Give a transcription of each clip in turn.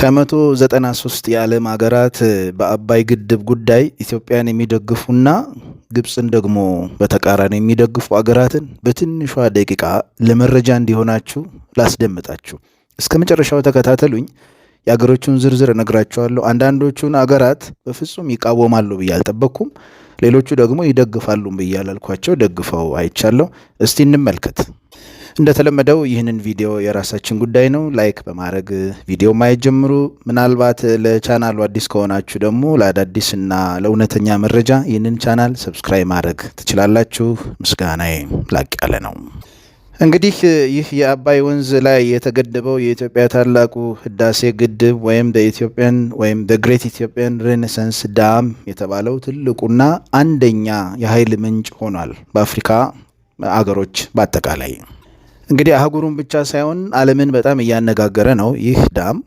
ከመቶ ዘጠና ሶስት የዓለም ሀገራት በአባይ ግድብ ጉዳይ ኢትዮጵያን የሚደግፉና ግብፅን ደግሞ በተቃራኒ የሚደግፉ ሀገራትን በትንሿ ደቂቃ ለመረጃ እንዲሆናችሁ ላስደምጣችሁ። እስከ መጨረሻው ተከታተሉኝ። የአገሮቹን ዝርዝር እነግራችኋለሁ። አንዳንዶቹን አገራት በፍጹም ይቃወማሉ ብዬ አልጠበቅኩም። ሌሎቹ ደግሞ ይደግፋሉ ብያላልኳቸው ደግፈው አይቻለሁ። እስቲ እንመልከት። እንደተለመደው ይህንን ቪዲዮ የራሳችን ጉዳይ ነው። ላይክ በማድረግ ቪዲዮ ማየት ጀምሩ። ምናልባት ለቻናሉ አዲስ ከሆናችሁ ደግሞ ለአዳዲስና ለእውነተኛ መረጃ ይህንን ቻናል ሰብስክራይብ ማድረግ ትችላላችሁ። ምስጋናዬ ላቅ ያለ ነው። እንግዲህ ይህ የአባይ ወንዝ ላይ የተገደበው የኢትዮጵያ ታላቁ ህዳሴ ግድብ ወይም በኢትዮጵያን ወይም በግሬት ኢትዮጵያን ሬኔሳንስ ዳም የተባለው ትልቁና አንደኛ የኃይል ምንጭ ሆኗል በአፍሪካ አገሮች በአጠቃላይ። እንግዲህ አህጉሩን ብቻ ሳይሆን ዓለምን በጣም እያነጋገረ ነው። ይህ ዳም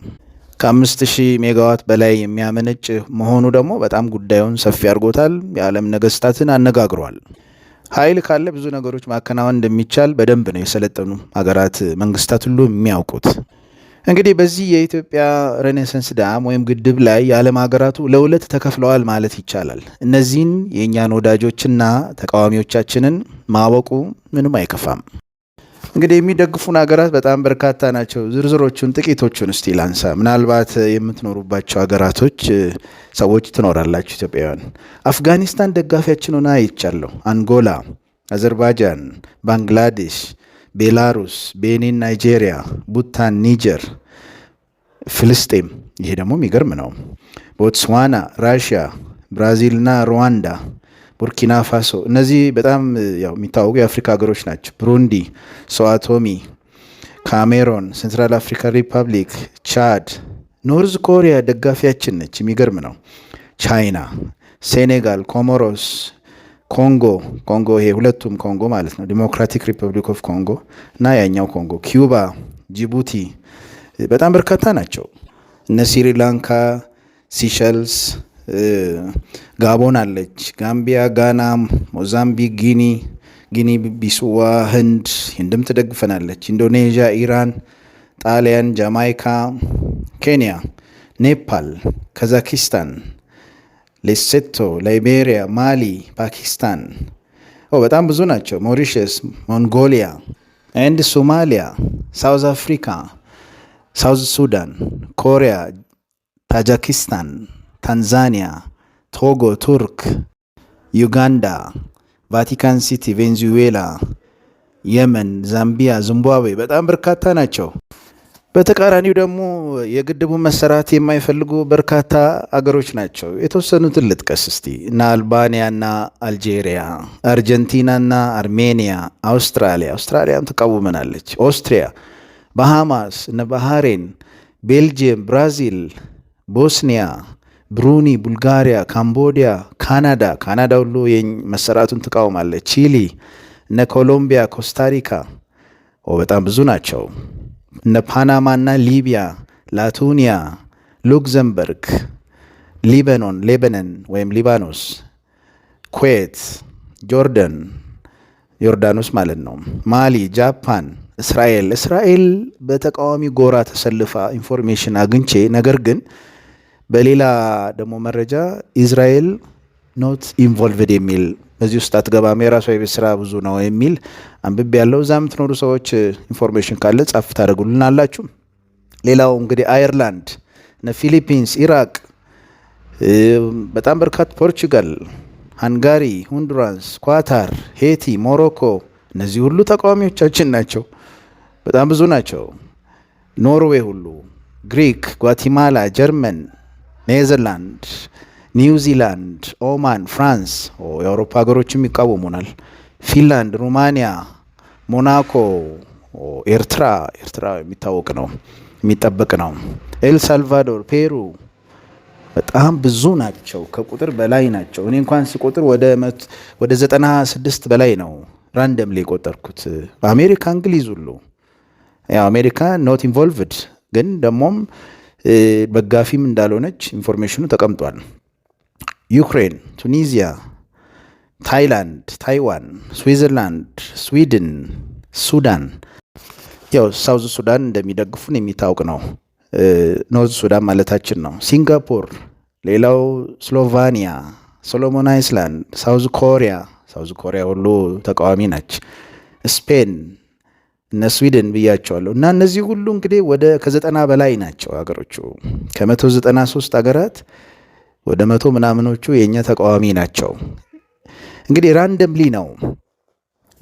ከአምስት ሺህ ሜጋዋት በላይ የሚያመነጭ መሆኑ ደግሞ በጣም ጉዳዩን ሰፊ አድርጎታል። የዓለም ነገስታትን አነጋግሯል። ኃይል ካለ ብዙ ነገሮች ማከናወን እንደሚቻል በደንብ ነው የሰለጠኑ ሀገራት መንግስታት ሁሉ የሚያውቁት። እንግዲህ በዚህ የኢትዮጵያ ሬኔሰንስ ዳም ወይም ግድብ ላይ የዓለም ሀገራቱ ለሁለት ተከፍለዋል ማለት ይቻላል። እነዚህን የእኛን ወዳጆችና ተቃዋሚዎቻችንን ማወቁ ምንም አይከፋም። እንግዲህ የሚደግፉን ሀገራት በጣም በርካታ ናቸው። ዝርዝሮቹን ጥቂቶቹን እስቲ ላንሳ። ምናልባት የምትኖሩባቸው ሀገራቶች ሰዎች ትኖራላችሁ ኢትዮጵያውያን። አፍጋኒስታን ደጋፊያችን ሆና አይቻለሁ። አንጎላ፣ አዘርባጃን ባንግላዴሽ፣ ቤላሩስ፣ ቤኒን፣ ናይጄሪያ፣ ቡታን፣ ኒጀር፣ ፍልስጤም ይሄ ደግሞ የሚገርም ነው። ቦትስዋና፣ ራሽያ፣ ብራዚልና ሩዋንዳ ቡርኪና ፋሶ እነዚህ በጣም የሚታወቁ የአፍሪካ ሀገሮች ናቸው። ብሩንዲ፣ ሰዋቶሚ፣ ካሜሮን፣ ሴንትራል አፍሪካ ሪፐብሊክ፣ ቻድ፣ ኖርዝ ኮሪያ ደጋፊያችን ነች። የሚገርም ነው። ቻይና፣ ሴኔጋል፣ ኮሞሮስ፣ ኮንጎ ኮንጎ ይሄ ሁለቱም ኮንጎ ማለት ነው። ዲሞክራቲክ ሪፐብሊክ ኦፍ ኮንጎ እና ያኛው ኮንጎ፣ ኪዩባ፣ ጅቡቲ በጣም በርካታ ናቸው። እነ ስሪላንካ፣ ሲሸልስ ጋቦን አለች፣ ጋምቢያ፣ ጋና፣ ሞዛምቢክ፣ ጊኒ ጊኒ ቢስዋ፣ ህንድ ህንድም ትደግፈናለች፣ ኢንዶኔዥያ፣ ኢራን፣ ጣሊያን፣ ጃማይካ፣ ኬንያ፣ ኔፓል፣ ካዛኪስታን፣ ሌሴቶ፣ ላይቤሪያ፣ ማሊ፣ ፓኪስታን በጣም ብዙ ናቸው። ሞሪሽስ ሞንጎሊያ ኤንድ ሶማሊያ፣ ሳውዝ አፍሪካ፣ ሳውዝ ሱዳን፣ ኮሪያ፣ ታጃኪስታን ታንዛኒያ፣ ቶጎ፣ ቱርክ፣ ዩጋንዳ፣ ቫቲካን ሲቲ፣ ቬንዙዌላ፣ የመን፣ ዛምቢያ፣ ዚምባብዌ በጣም በርካታ ናቸው። በተቃራኒው ደግሞ የግድቡን መሰራት የማይፈልጉ በርካታ አገሮች ናቸው። የተወሰኑትን ልጥቀስ እስቲ እና አልባንያና አልጄሪያ፣ አርጀንቲናና አርሜኒያ፣ አውስትራሊያ አውስትራሊያም ተቃውመናለች፣ ኦስትሪያ፣ ባሃማስ፣ እነ ባህሬን፣ ቤልጅየም፣ ብራዚል፣ ቦስኒያ ብሩኒ፣ ቡልጋሪያ፣ ካምቦዲያ፣ ካናዳ ካናዳ ሁሉ መሰራቱን ትቃውማለች። ቺሊ፣ እነ ኮሎምቢያ፣ ኮስታሪካ በጣም ብዙ ናቸው። እነ ፓናማ እና ሊቢያ፣ ላቱኒያ፣ ሉክዘምበርግ፣ ሊበኖን ሌበነን ወይም ሊባኖስ፣ ኩዌት፣ ጆርደን ዮርዳኖስ ማለት ነው። ማሊ፣ ጃፓን፣ እስራኤል እስራኤል በተቃዋሚ ጎራ ተሰልፋ ኢንፎርሜሽን አግኝቼ ነገር ግን በሌላ ደግሞ መረጃ ኢዝራኤል ኖት ኢንቮልቭድ የሚል በዚህ ውስጥ አትገባም፣ የራሷ የቤት ስራ ብዙ ነው የሚል አንብቤ ያለው። እዛ የምትኖሩ ሰዎች ኢንፎርሜሽን ካለ ጻፍ ታደርጉልን አላችሁ። ሌላው እንግዲህ አየርላንድ፣ ፊሊፒንስ፣ ኢራቅ በጣም በርካታ ፖርቹጋል፣ ሃንጋሪ፣ ሆንዱራንስ፣ ኳታር፣ ሄቲ፣ ሞሮኮ እነዚህ ሁሉ ተቃዋሚዎቻችን ናቸው። በጣም ብዙ ናቸው። ኖርዌይ ሁሉ፣ ግሪክ፣ ጓቲማላ፣ ጀርመን ኔዘርላንድ፣ ኒውዚላንድ፣ ኦማን፣ ፍራንስ የአውሮፓ ሀገሮችም ይቃወሙናል። ፊንላንድ፣ ሩማንያ፣ ሞናኮ፣ ኤርትራ ኤርትራ የሚታወቅ ነው የሚጠበቅ ነው። ኤልሳልቫዶር፣ ፔሩ በጣም ብዙ ናቸው። ከቁጥር በላይ ናቸው። እኔ እንኳን ስቆጥር ወደ ዘጠና ስድስት በላይ ነው ራንደም ላይ የቆጠርኩት። አሜሪካ እንግሊዝ ሁሉ አሜሪካ ኖት ኢንቮልቭድ ግን ደግሞም በጋፊም እንዳልሆነች ኢንፎርሜሽኑ ተቀምጧል። ዩክሬን፣ ቱኒዚያ፣ ታይላንድ፣ ታይዋን፣ ስዊዘርላንድ፣ ስዊድን፣ ሱዳን ያው ሳውዝ ሱዳን እንደሚደግፉን የሚታወቅ ነው። ኖርዝ ሱዳን ማለታችን ነው። ሲንጋፖር፣ ሌላው ስሎቫኒያ፣ ሶሎሞን አይስላንድ፣ ሳውዝ ኮሪያ ሳውዝ ኮሪያ ሁሉ ተቃዋሚ ናች። ስፔን እነ ስዊድን ብያቸዋለሁ እና እነዚህ ሁሉ እንግዲህ ወደ ከዘጠና በላይ ናቸው ሀገሮቹ ከመቶ ዘጠና ሶስት ሀገራት ወደ መቶ ምናምኖቹ የእኛ ተቃዋሚ ናቸው። እንግዲህ ራንደምሊ ነው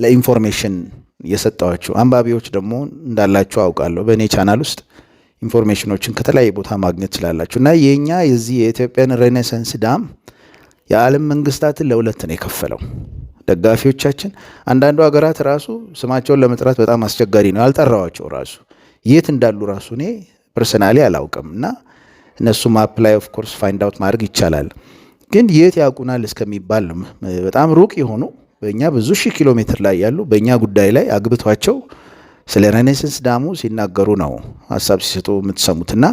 ለኢንፎርሜሽን የሰጠዋችሁ። አንባቢዎች ደግሞ እንዳላችሁ አውቃለሁ። በእኔ ቻናል ውስጥ ኢንፎርሜሽኖችን ከተለያየ ቦታ ማግኘት ትችላላችሁ። እና የእኛ የዚህ የኢትዮጵያን ሬኔሰንስ ዳም የዓለም መንግስታትን ለሁለት ነው የከፈለው። ደጋፊዎቻችን አንዳንዱ ሀገራት ራሱ ስማቸውን ለመጥራት በጣም አስቸጋሪ ነው። ያልጠራዋቸው ራሱ የት እንዳሉ ራሱ እኔ ፐርሰናሊ አላውቅም እና እነሱ ማፕ ላይ ኮርስ ፋይንድ አውት ማድረግ ይቻላል። ግን የት ያውቁናል እስከሚባል በጣም ሩቅ የሆኑ በእኛ ብዙ ሺህ ኪሎ ሜትር ላይ ያሉ በእኛ ጉዳይ ላይ አግብቷቸው ስለ ሬኔሰንስ ዳሙ ሲናገሩ ነው ሀሳብ ሲሰጡ የምትሰሙትና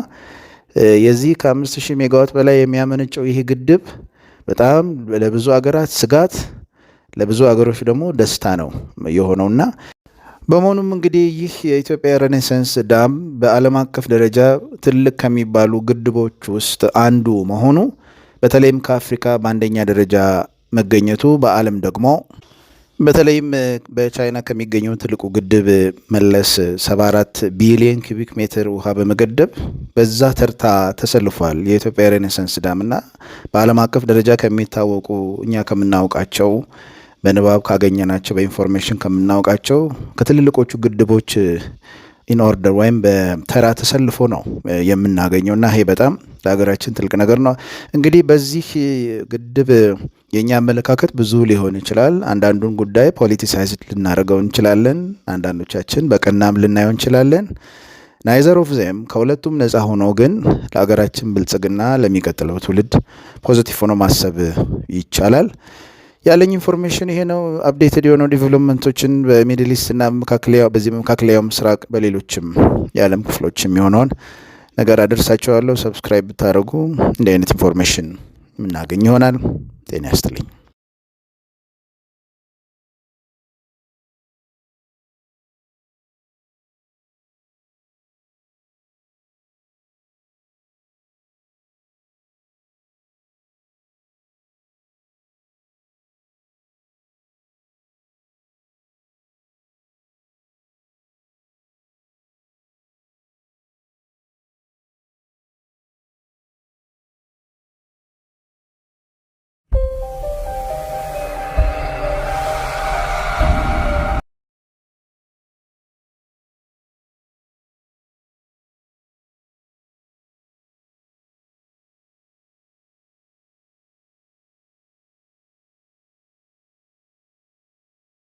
የዚህ ከአምስት ሺህ ሜጋዋት በላይ የሚያመነጨው ይሄ ግድብ በጣም ለብዙ ሀገራት ስጋት ለብዙ ሀገሮች ደግሞ ደስታ ነው የሆነውና በመሆኑም እንግዲህ ይህ የኢትዮጵያ ሬኔሳንስ ዳም በዓለም አቀፍ ደረጃ ትልቅ ከሚባሉ ግድቦች ውስጥ አንዱ መሆኑ በተለይም ከአፍሪካ በአንደኛ ደረጃ መገኘቱ በዓለም ደግሞ በተለይም በቻይና ከሚገኘው ትልቁ ግድብ መለስ 74 ቢሊዮን ኪቢክ ሜትር ውሃ በመገደብ በዛ ተርታ ተሰልፏል የኢትዮጵያ ዳም ዳምና በዓለም አቀፍ ደረጃ ከሚታወቁ እኛ ከምናውቃቸው በንባብ ካገኘናቸው በኢንፎርሜሽን ከምናውቃቸው ከትልልቆቹ ግድቦች ኢንኦርደር ወይም በተራ ተሰልፎ ነው የምናገኘው እና ይሄ በጣም ለሀገራችን ትልቅ ነገር ነው። እንግዲህ በዚህ ግድብ የእኛ አመለካከት ብዙ ሊሆን ይችላል። አንዳንዱን ጉዳይ ፖለቲሳይዝ ልናደርገው እንችላለን። አንዳንዶቻችን በቀናም ልናየው እንችላለን። ናይዘር ኦፍ ዜም ከሁለቱም ነፃ ሆኖ ግን ለሀገራችን ብልጽግና ለሚቀጥለው ትውልድ ፖዚቲቭ ሆኖ ማሰብ ይቻላል። ያለኝ ኢንፎርሜሽን ይሄ ነው። አፕዴትድ የሆነው ዲቨሎፕመንቶችን በሚድል ኢስት እና በዚህ በመካከለያው ምስራቅ በሌሎችም የዓለም ክፍሎች የሚሆነውን ነገር አደርሳቸዋለሁ። ሰብስክራይብ ብታደርጉ እንዲህ አይነት ኢንፎርሜሽን የምናገኝ ይሆናል። ጤና ያስጥልኝ።